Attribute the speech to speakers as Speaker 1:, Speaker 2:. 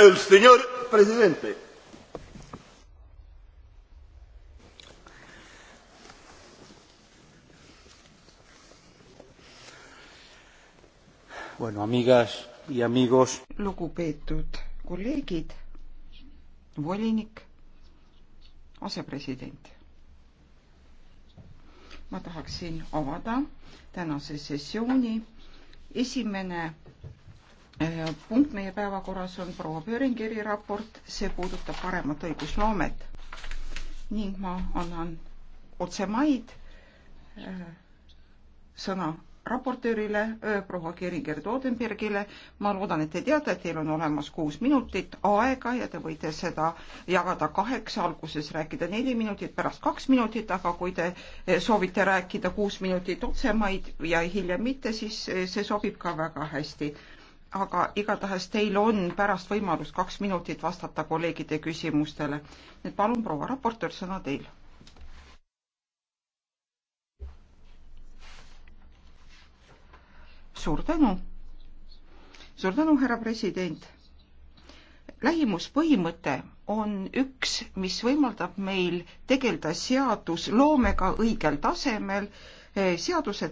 Speaker 1: El señor presidente.
Speaker 2: Bueno, amigas y amigos.
Speaker 3: lugupeetud kolleegid, volinik, asepresident. ma tahaksin avada tänase sessiooni esimene punkt meie päevakorras on proua Pööringeri raport, see puudutab paremat õigusloomet ning ma annan otse maid äh, sõna raportöörile, äh, proua Keringer-Todenbergile. ma loodan, et te teate, et teil on olemas kuus minutit aega ja te võite seda jagada kaheks, alguses rääkida neli minutit, pärast kaks minutit, aga kui te äh, soovite rääkida kuus minutit otsemaid ja hiljem mitte, siis see sobib ka väga hästi aga igatahes teil on pärast võimalus kaks minutit vastata kolleegide küsimustele. nüüd palun, proua raportöör, sõna teil. suur tänu. suur tänu, härra president. lähimuspõhimõte on üks, mis võimaldab meil tegeleda seadusloomega õigel tasemel, seadused